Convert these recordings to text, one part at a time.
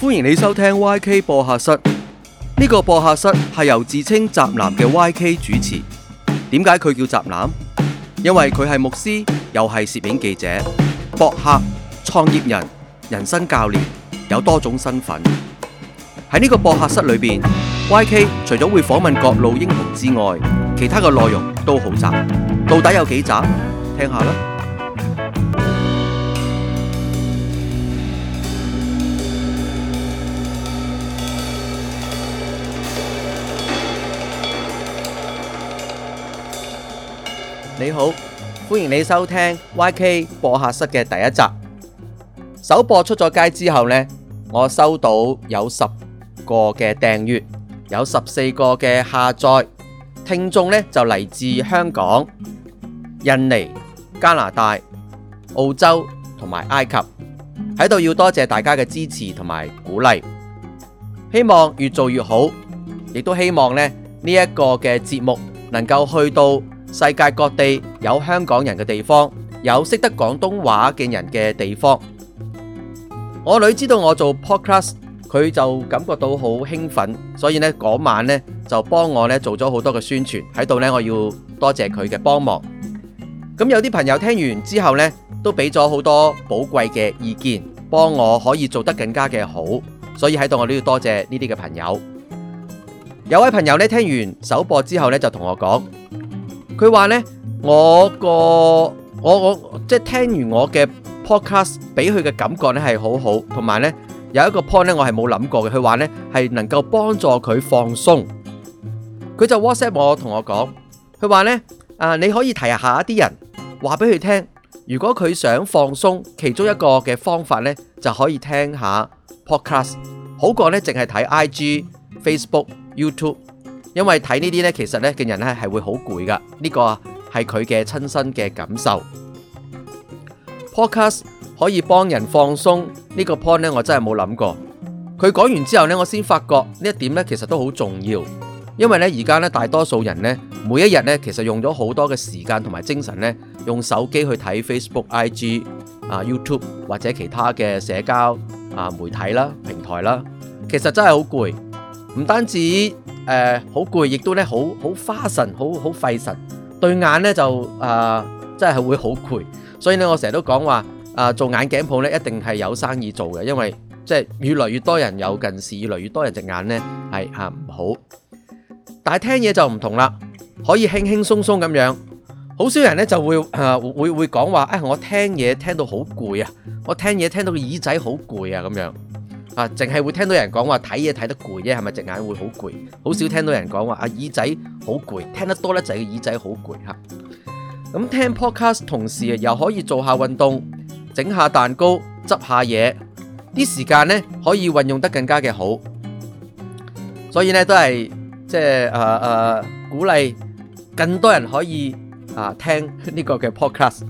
歡迎你收聽 YK 播客室，呢個播客室係由自稱宅男嘅 YK 主持。點解佢叫宅男？因為佢係牧師，又係攝影記者、博客、創業人、人生教練，有多種身份。喺呢個播客室裏面，YK 除咗會訪問各路英雄之外，其他嘅內容都好雜。到底有幾雜？聽下啦。你好，歡迎你收聽 YK 播客室嘅第一集。首播出咗街之後呢，我收到有十個嘅訂閱，有十四個嘅下載，聽眾呢就嚟自香港、印尼、加拿大、澳洲同埋埃及，喺度要多謝大家嘅支持同埋鼓勵，希望越做越好，亦都希望咧呢一個嘅節目能夠去到。世界各地有香港人嘅地方，有識得廣東話嘅人嘅地方。我女知道我做 podcast，佢就感覺到好興奮，所以呢嗰晚呢，就幫我呢做咗好多嘅宣傳喺度呢，我要多謝佢嘅幫忙。咁有啲朋友聽完之後呢，都俾咗好多寶貴嘅意見，幫我可以做得更加嘅好，所以喺度我都要多謝呢啲嘅朋友。有位朋友呢，聽完首播之後呢，就同我講。佢話呢，我個我我即係、就是、聽完我嘅 podcast，俾佢嘅感覺呢係好好，同埋呢，有一個 point 呢，我係冇諗過嘅。佢話呢係能夠幫助佢放鬆。佢就 WhatsApp 我同我講，佢話呢，啊，你可以提下一啲人話俾佢聽，如果佢想放鬆，其中一個嘅方法呢，就可以聽下 podcast，好過呢，淨係睇 IG、Facebook、YouTube。因為睇呢啲呢，其實呢嘅人呢係會好攰噶。呢個啊係佢嘅親身嘅感受。Podcast 可以幫人放鬆呢個 point 咧，我真係冇諗過。佢講完之後呢，我先發覺呢一點呢其實都好重要。因為呢而家呢，大多數人呢，每一日呢其實用咗好多嘅時間同埋精神呢，用手機去睇 Facebook、I G 啊、YouTube 或者其他嘅社交啊媒體啦、平台啦，其實真係好攰，唔單止。誒、呃，好攰，亦都咧好好花神，好好費神，對眼咧就誒、呃，真係會好攰。所以咧，我成日都講話，啊，做眼鏡鋪咧一定係有生意做嘅，因為即係越嚟越多人有近視，越嚟越多人隻眼咧係啊唔好。但係聽嘢就唔同啦，可以輕輕鬆鬆咁樣，好少人咧就會誒、呃、會會講話啊、哎，我聽嘢聽到好攰啊，我聽嘢聽到個耳仔好攰啊咁樣。淨係會聽到人講話睇嘢，睇得攰啫，係咪隻眼會好攰？好少聽到人講話啊耳仔好攰，聽得多咧就係耳仔好攰吓。咁聽 podcast 同時又可以做下運動、整下蛋糕、執下嘢，啲時間咧可以運用得更加嘅好。所以呢，都係即係鼓勵更多人可以啊、呃、聽呢個嘅 podcast。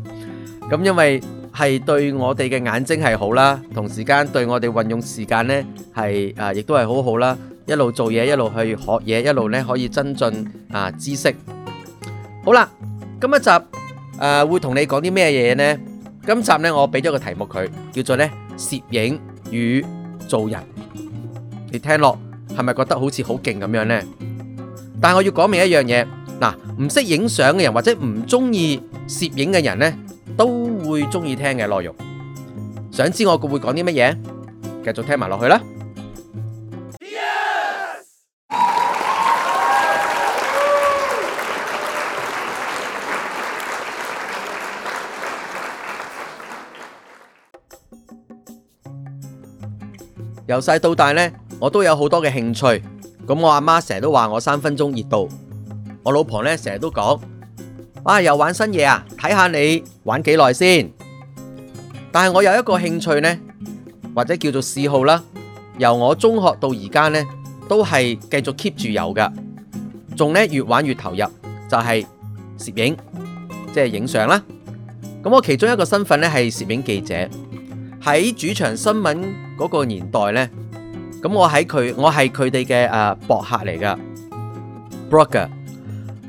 咁因為。係對我哋嘅眼睛係好啦，同時間對我哋運用時間呢，係啊，亦都係好好啦。一路做嘢，一路去學嘢，一路呢可以增進啊知識。好啦，今一集誒、呃、會同你講啲咩嘢呢？今集呢，我俾咗個題目佢，叫做呢攝影與做人。你聽落係咪覺得好似好勁咁樣呢？但係我要講明一樣嘢，嗱，唔識影相嘅人或者唔中意攝影嘅人呢。都會中意聽嘅內容，想知我會講啲乜嘢？繼續聽埋落去啦！由細到大呢，我都有好多嘅興趣。咁我阿媽成日都話我三分鐘熱度，我老婆呢成日都講。啊又玩新嘢啊，睇下你玩幾耐先。但係我有一個興趣呢，或者叫做嗜好啦，由我中學到而家呢，都係繼續 keep 住有噶，仲呢，越玩越投入。就係、是、攝影，即係影相啦。咁我其中一個身份呢，係攝影記者，喺主場新聞嗰個年代呢，咁我喺佢，我係佢哋嘅誒博客嚟噶，broker。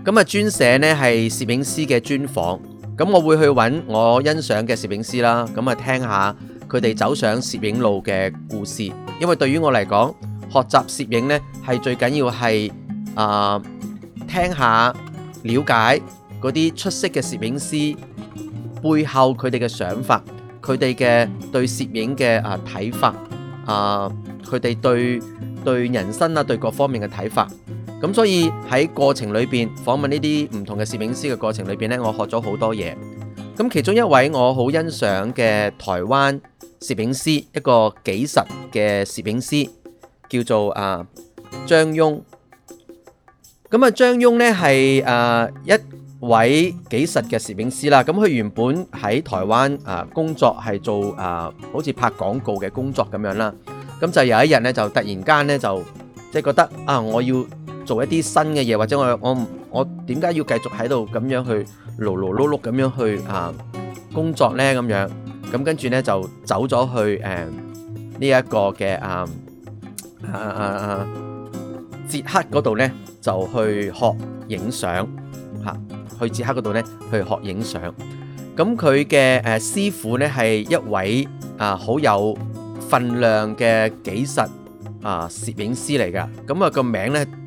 咁啊，專寫呢係攝影師嘅專訪。咁我會去揾我欣賞嘅攝影師啦。咁啊，聽下佢哋走上攝影路嘅故事。因為對於我嚟講，學習攝影呢係最緊要係啊、呃，聽下了解嗰啲出色嘅攝影師背後佢哋嘅想法，佢哋嘅對攝影嘅啊睇法，啊佢哋對對人生啊，對各方面嘅睇法。咁所以喺過程裏邊訪問呢啲唔同嘅攝影師嘅過程裏邊咧，我學咗好多嘢。咁其中一位我好欣賞嘅台灣攝影師，一個紀實嘅攝影師，叫做啊張庸。咁啊張庸咧係啊一位紀實嘅攝影師啦。咁佢原本喺台灣啊工作係做啊好似拍廣告嘅工作咁樣啦。咁就有一日咧就突然間咧就即係覺得啊我要。做一啲新嘅嘢，或者我我我點解要繼續喺度咁樣去勞勞碌碌咁樣去啊工作咧，咁樣，咁跟住咧就走咗去誒呢一個嘅啊啊啊啊捷克嗰度咧就去學影相嚇，去捷克嗰度咧去學影相。咁佢嘅誒師傅咧係一位啊好有份量嘅紀實啊攝影師嚟嘅，咁啊個名咧。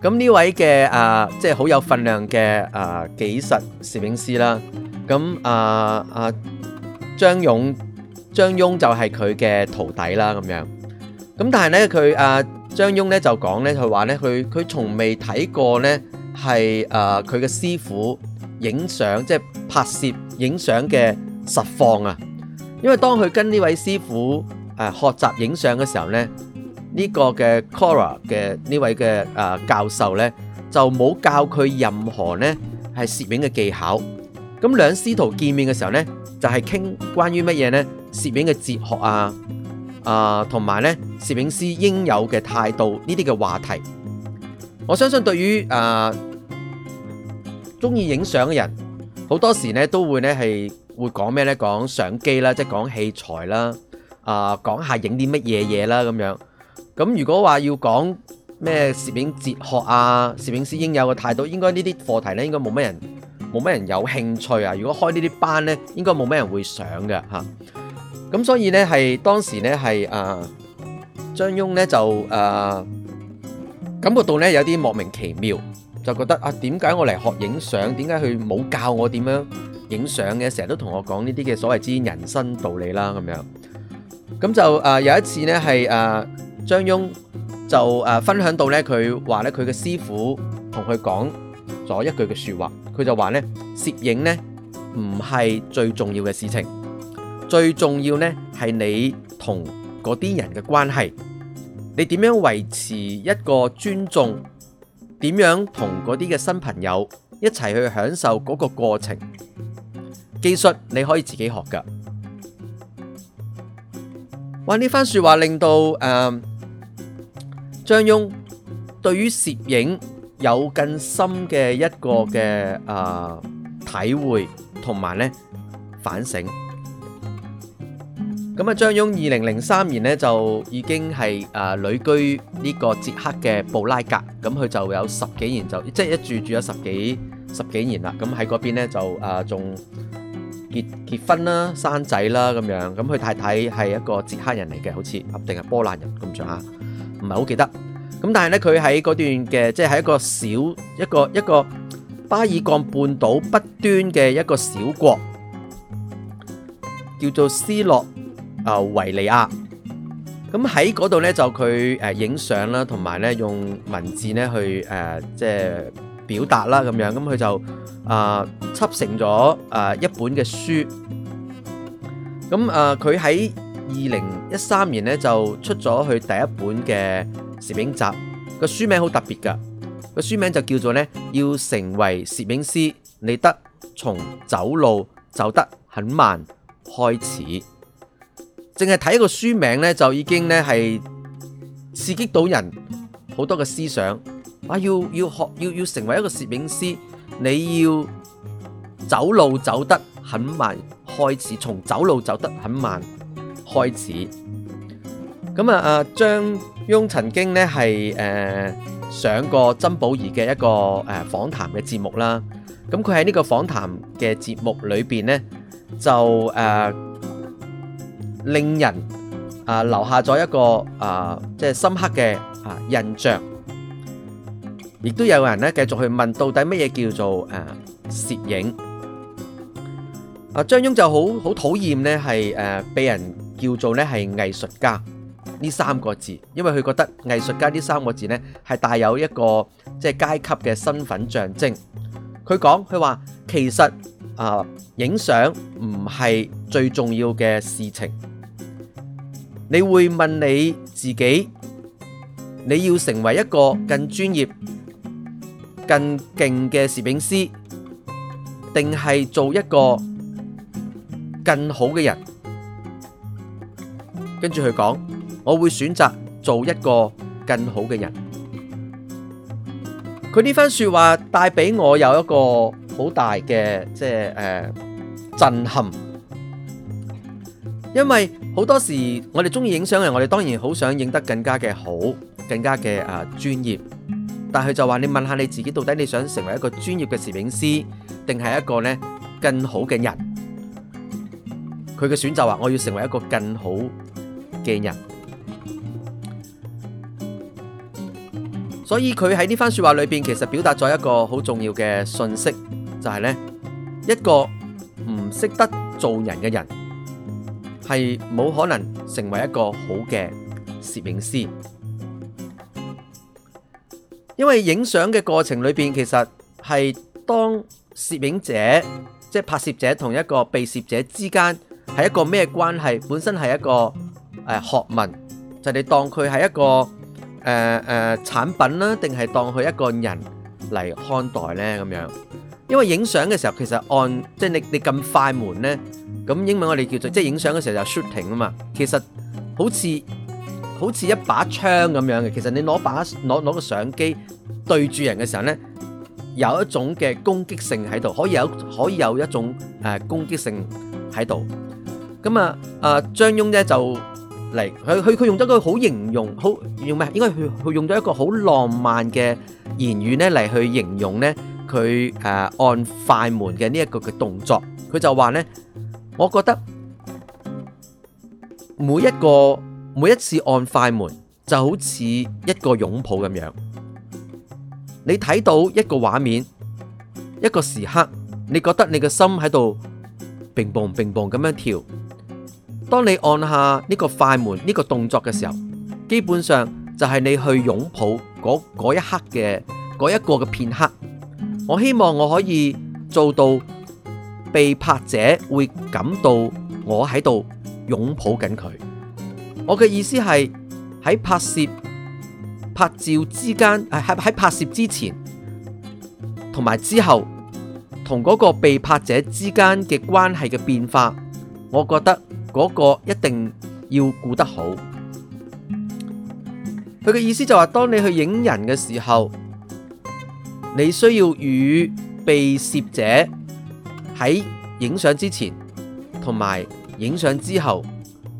咁呢位嘅啊，即係好有份量嘅啊，紀實攝影師啦。咁啊啊張勇，張庸就係佢嘅徒弟啦。咁樣。咁但係咧，佢啊張庸咧就講咧，佢話咧，佢佢從未睇過咧係啊佢嘅師傅影相，即係拍攝影相嘅實況啊。因為當佢跟呢位師傅誒學習影相嘅時候咧。呢、呢個嘅 Cora 嘅呢位嘅啊、呃、教授呢，就冇教佢任何呢係攝影嘅技巧。咁兩師徒見面嘅時候呢，就係、是、傾關於乜嘢呢？攝影嘅哲學啊，啊同埋呢攝影師應有嘅態度呢啲嘅話題。我相信對於啊鍾意影相嘅人，好多時呢都會呢係會講咩呢？講相機啦，即係講器材啦，啊、呃、講下影啲乜嘢嘢啦咁樣。咁如果話要講咩攝影哲學啊，攝影師應有嘅態度，應該呢啲課題呢，應該冇咩人冇咩人有興趣啊。如果開呢啲班呢，應該冇咩人會上嘅嚇。咁、啊、所以呢，係當時呢，係啊張庸呢就啊感覺到呢，有啲莫名其妙，就覺得啊點解我嚟學影相，點解佢冇教我點樣影相嘅，成日都同我講呢啲嘅所謂之人生道理啦咁樣。咁就啊有一次呢，係啊張雍就誒分享到呢，佢話呢佢嘅師傅同佢講咗一句嘅說話，佢就話呢攝影呢唔係最重要嘅事情，最重要呢係你同嗰啲人嘅關係，你點樣維持一個尊重，點樣同嗰啲嘅新朋友一齊去享受嗰個過程，技術你可以自己學噶。話呢番說話令到誒。呃張庸對於攝影有更深嘅一個嘅啊、呃、體會同埋呢反省。咁啊，張庸二零零三年呢，就已經係啊、呃、旅居呢個捷克嘅布拉格，咁佢就有十幾年就即係、就是、一住住咗十幾十幾年啦。咁喺嗰邊呢就啊仲、呃、結結婚啦、生仔啦咁樣。咁佢太太係一個捷克人嚟嘅，好似定係波蘭人咁上下。唔係好記得，咁但係呢，佢喺嗰段嘅，即係一個小一個一個巴爾幹半島北端嘅一個小國，叫做斯洛啊維尼亞。咁喺嗰度呢，就佢誒影相啦，同埋呢用文字呢去誒即係表達啦咁樣，咁佢就啊輯、呃、成咗啊一本嘅書。咁啊，佢、呃、喺。二零一三年咧就出咗佢第一本嘅攝影集，個書名好特別噶，個書名就叫做呢：「要成為攝影師，你得從走路走得很慢開始。」淨係睇一個書名呢，就已經呢係刺激到人好多嘅思想。啊，要要學要要成為一個攝影師，你要走路走得很慢開始，從走路走得很慢開始咁啊！啊，張庸曾經咧係誒上過曾寶儀嘅一個誒訪談嘅節目啦。咁佢喺呢個訪談嘅節目裏邊咧，就誒令人啊留下咗一個啊即係深刻嘅啊印象。亦都有人咧繼續去問到底乜嘢叫做誒攝影啊？張庸就好好討厭咧，係誒被人。叫做咧係藝術家呢三個字，因為佢覺得藝術家呢三個字呢係帶有一個即係階級嘅身份象徵。佢講佢話，其實啊影相唔係最重要嘅事情。你會問你自己，你要成為一個更專業、更勁嘅攝影師，定係做一個更好嘅人？跟住佢講，我會選擇做一個更好嘅人。佢呢番說話帶俾我有一個好大嘅，即係誒震撼，因為好多時我哋中意影相嘅人，我哋當然好想影得更加嘅好，更加嘅啊專業。但係就話你問下你自己，到底你想成為一個專業嘅攝影師，定係一個咧，更好嘅人？佢嘅選擇話，我要成為一個更好。嘅人，所以佢喺呢番說話裏邊，其實表達咗一個好重要嘅信息，就係呢一個唔識得做人嘅人係冇可能成為一個好嘅攝影師，因為影相嘅過程裏邊，其實係當攝影者即係拍攝者同一個被攝者之間係一個咩關係？本身係一個。誒學問就你當佢係一個誒誒產品啦，定係當佢一個人嚟看待呢？咁樣。因為影相嘅時候其實按即係你你咁快門呢，咁英文我哋叫做即係影相嘅時候就 shooting 啊嘛。其實好似好似一把槍咁樣嘅，其實你攞把攞攞個相機對住人嘅時候呢，有一種嘅攻擊性喺度，可以有可以有一種誒攻擊性喺度。咁啊啊張庸呢就。嚟佢佢佢用咗個好形容，好用咩？應該佢佢用咗一個好浪漫嘅言語呢嚟去形容呢。佢誒、呃、按快門嘅呢一個嘅動作。佢就話呢：「我覺得每一個每一次按快門就好似一個擁抱咁樣。你睇到一個畫面，一個時刻，你覺得你嘅心喺度乒乓乒乓咁樣跳。當你按下呢個快門，呢個動作嘅時候，基本上就係你去擁抱嗰一刻嘅嗰一個嘅片刻。我希望我可以做到被拍者會感到我喺度擁抱緊佢。我嘅意思係喺拍攝拍照之間，喺喺拍攝之前同埋之後，同嗰個被拍者之間嘅關係嘅變化，我覺得。嗰個一定要顧得好，佢嘅意思就話，當你去影人嘅時候，你需要與被攝者喺影相之前同埋影相之後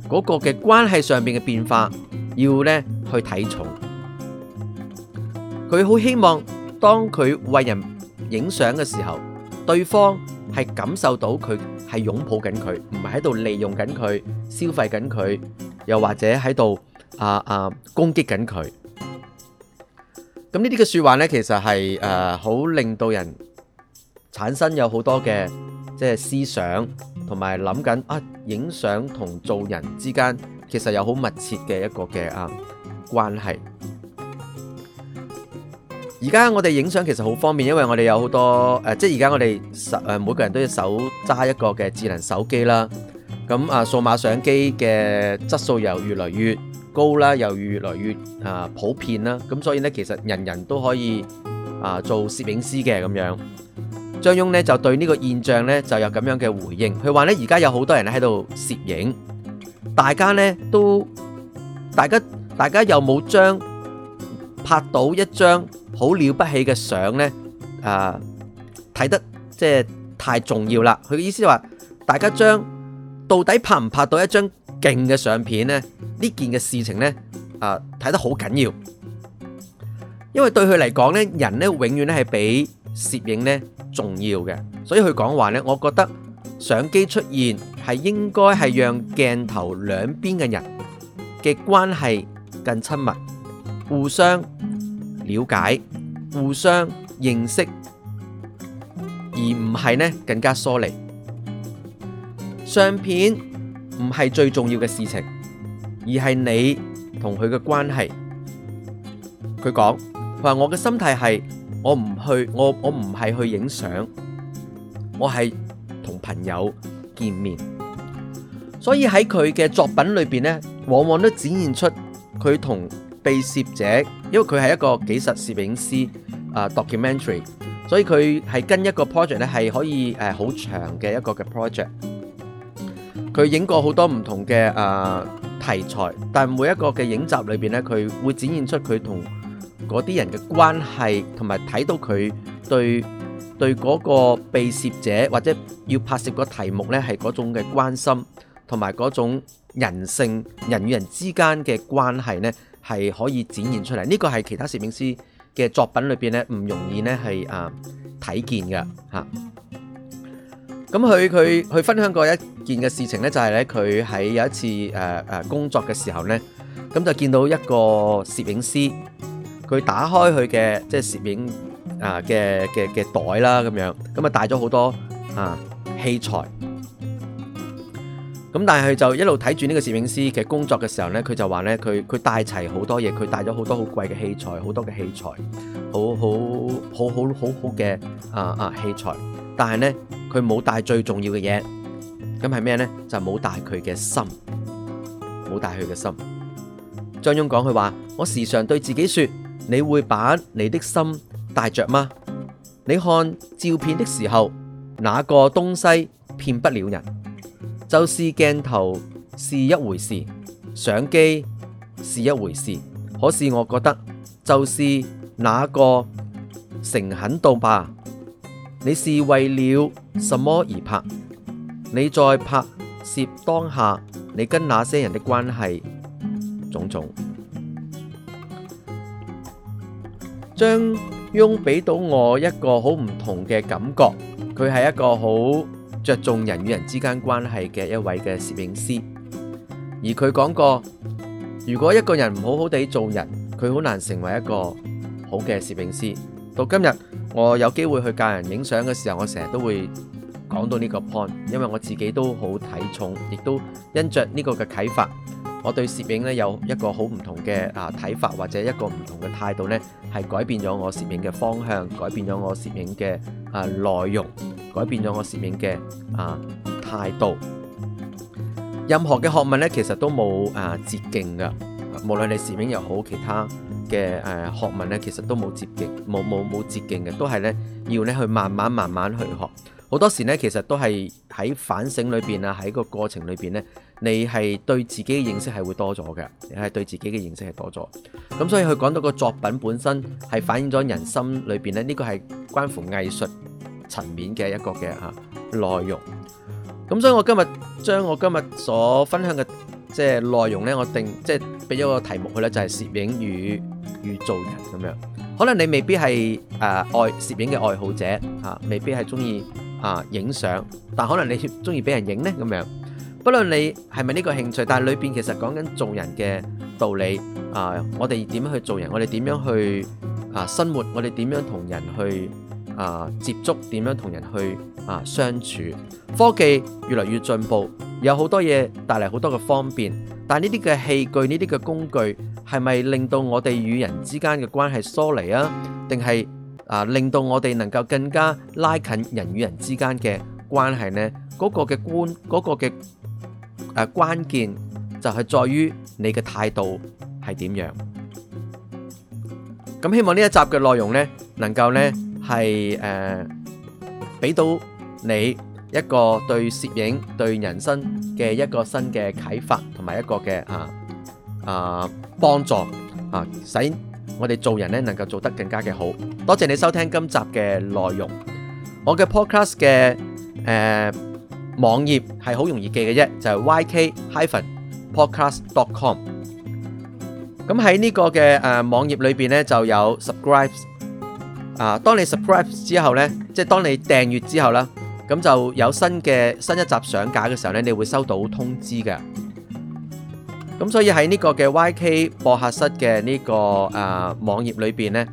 嗰個嘅關係上面嘅變化，要呢去睇重。佢好希望，當佢為人影相嘅時候，對方係感受到佢。係擁抱緊佢，唔係喺度利用緊佢、消費緊佢，又或者喺度啊啊攻擊緊佢。咁呢啲嘅説話呢，其實係誒好令到人產生有好多嘅即係思想同埋諗緊啊，影相同做人之間其實有好密切嘅一個嘅啊、呃、關係。而家我哋影相其實好方便，因為我哋有好多誒、呃，即係而家我哋誒、呃，每個人都要手揸一個嘅智能手機啦。咁啊，數碼相機嘅質素又越嚟越高啦，又越嚟越啊普遍啦。咁、啊、所以呢，其實人人都可以啊做攝影師嘅咁樣。張庸呢就對呢個現象呢就有咁樣嘅回應，佢話呢，而家有好多人喺度攝影，大家呢都，大家大家又冇將。拍到一張好了不起嘅相呢，啊睇得即係太重要啦！佢嘅意思話，大家將到底拍唔拍到一張勁嘅相片呢，呢件嘅事情呢，啊睇得好緊要，因為對佢嚟講呢，人呢永遠咧係比攝影呢重要嘅，所以佢講話呢，我覺得相機出現係應該係讓鏡頭兩邊嘅人嘅關係更親密。互相了解、互相認識，而唔係呢更加疏離。相片唔係最重要嘅事情，而係你同佢嘅關係。佢講佢話：我嘅心態係我唔去，我我唔係去影相，我係同朋友見面。所以喺佢嘅作品裏邊呢，往往都展現出佢同被攝者，因為佢係一個紀實攝影師啊、uh，documentary，所以佢係跟一個 project 咧係可以誒好、uh, 長嘅一個嘅 project。佢影過好多唔同嘅啊、uh, 題材，但每一個嘅影集裏邊咧，佢會展現出佢同嗰啲人嘅關係，同埋睇到佢對對嗰個被攝者或者要拍攝個題目咧係嗰種嘅關心，同埋嗰種人性人與人之間嘅關係呢，係可以展現出嚟，呢、這個係其他攝影師嘅作品裏邊咧，唔容易咧係啊睇見嘅㗎。咁佢佢佢分享過一件嘅事情咧，就係咧佢喺有一次誒誒、啊啊、工作嘅時候咧，咁就見到一個攝影師，佢打開佢嘅即係攝影啊嘅嘅嘅袋啦咁樣，咁啊帶咗好多啊器材。咁但係佢就一路睇住呢個攝影師嘅工作嘅時候呢，佢就話呢，佢佢帶齊好多嘢，佢帶咗好多好貴嘅器材，好多嘅器材，好好好好好好嘅啊啊器材，但係呢佢冇帶最重要嘅嘢，咁係咩呢？就冇帶佢嘅心，冇帶佢嘅心。張勇講佢話：我時常對自己說，你會把你的心帶着嗎？你看照片的時候，哪個東西騙不了人？就是鏡頭是一回事，相機是一回事。可是我覺得就是那個誠懇度吧。你是為了什麼而拍？你在拍攝當下，你跟那些人的關係，種種，張擁畀到我一個好唔同嘅感覺。佢係一個好，着重人與人之間關係嘅一位嘅攝影師，而佢講過：如果一個人唔好好地做人，佢好難成為一個好嘅攝影師。到今日，我有機會去教人影相嘅時候，我成日都會講到呢個 point，因為我自己都好睇重，亦都因着呢個嘅啟發，我對攝影咧有一個好唔同嘅啊睇法，或者一個唔同嘅態度呢係改變咗我攝影嘅方向，改變咗我攝影嘅啊內容。改變咗我攝影嘅啊態度，任何嘅學問呢，其實都冇啊捷徑噶。無論你攝影又好，其他嘅誒學問咧，其實都冇捷徑，冇冇冇捷徑嘅，都係呢，要咧去慢慢慢慢去學。好多時呢，其實都係喺反省裏邊啊，喺個過程裏邊呢，你係對自己嘅認識係會多咗嘅，你係對自己嘅認識係多咗。咁所以佢講到個作品本身係反映咗人心裏邊呢，呢、呢個係關乎藝術。層面嘅一個嘅嚇內容，咁所以我今日將我今日所分享嘅即係內容呢，我定即係俾咗個題目佢咧，就係、是、攝影與與做人咁樣。可能你未必係誒愛攝影嘅愛好者嚇、啊，未必係中意嚇影相，但可能你中意俾人影呢。咁樣。不論你係咪呢個興趣，但係裏邊其實講緊做人嘅道理啊，我哋點樣去做人，我哋點樣去啊生活，我哋點樣同人去。啊！接觸點樣同人去啊相處，科技越嚟越進步，有好多嘢帶嚟好多嘅方便。但呢啲嘅器具，呢啲嘅工具係咪令到我哋與人之間嘅關係疏離啊？定係啊令到我哋能夠更加拉近人與人之間嘅關係呢？嗰個嘅觀，嗰個嘅，誒，關鍵就係在於你嘅態度係點樣。咁希望呢一集嘅內容呢，能夠呢，嗯係誒，俾到你一個對攝影、對人生嘅一個新嘅啟發，同埋一個嘅啊啊幫助啊，使我哋做人咧能夠做得更加嘅好。多謝你收聽今集嘅內容。我嘅 podcast 嘅誒網頁係好容易記嘅啫，就係 yk-podcast.com。咁喺呢個嘅誒網頁裏邊咧就有 subscribe。啊，當你 subscribe 之後呢，即係當你訂閱之後啦，咁就有新嘅新一集上架嘅時候呢，你會收到通知嘅。咁所以喺呢個嘅 YK 播客室嘅呢、這個啊網頁裏邊呢，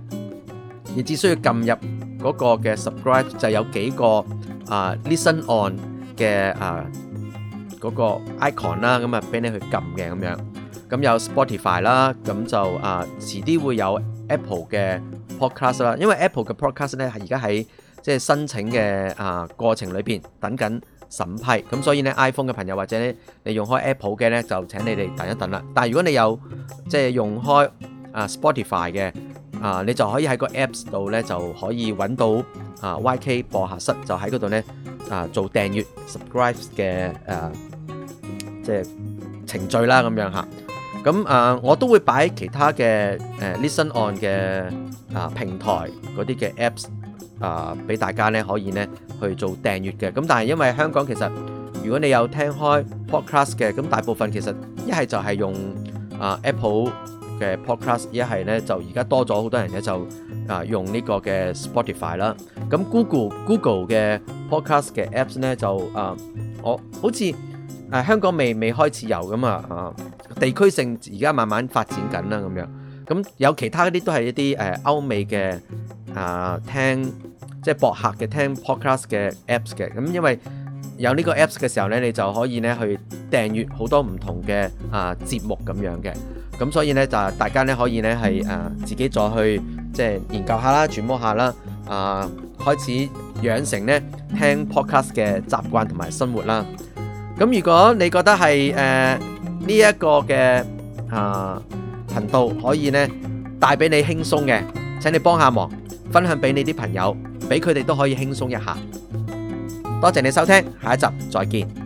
你只需要撳入嗰個嘅 subscribe，就有幾個啊 listen on 嘅啊嗰、那個 icon 啦、啊，咁啊俾你去撳嘅咁樣。咁有 Spotify 啦、啊，咁就啊遲啲會有 Apple 嘅。Podcast 啦，因為 Apple 嘅 Podcast 咧，係而家喺即係申請嘅啊過程裏邊等緊審批，咁所以咧 iPhone 嘅朋友或者咧你用開 Apple 嘅咧，就請你哋等一等啦。但係如果你有即係用開啊 Spotify 嘅啊，你就可以喺個 Apps 度咧就可以揾到啊 YK 播客室就訂閱，就喺嗰度咧啊做訂閱 subscribe 嘅誒即係程序啦咁樣嚇。咁啊，我都會擺其他嘅、呃、Listen On 嘅啊平台嗰啲嘅 apps 啊，俾大家咧可以咧去做訂閲嘅。咁但係因為香港其實如果你有聽開 podcast 嘅，咁大部分其實一係就係用啊 Apple 嘅 podcast，一係咧就而家多咗好多人咧就啊用呢個嘅 Spotify 啦。咁 Google Google 嘅 podcast 嘅 apps 咧就啊，我好似、啊、香港未未開始有㗎嘛啊。地區性而家慢慢發展緊啦，咁樣咁有其他啲都係一啲誒歐美嘅啊、呃、聽即係、就是、博客嘅聽 podcast 嘅 apps 嘅，咁因為有呢個 apps 嘅時候呢，你就可以呢去訂閱好多唔同嘅啊節目咁樣嘅，咁所以呢，就大家呢可以呢係誒、呃、自己再去即係研究下啦、揣摩下啦，啊、呃、開始養成呢聽 podcast 嘅習慣同埋生活啦。咁如果你覺得係誒，呃呢、這、一個嘅啊頻道可以咧帶俾你輕鬆嘅，請你幫下忙分享俾你啲朋友，俾佢哋都可以輕鬆一下。多謝你收聽，下一集再見。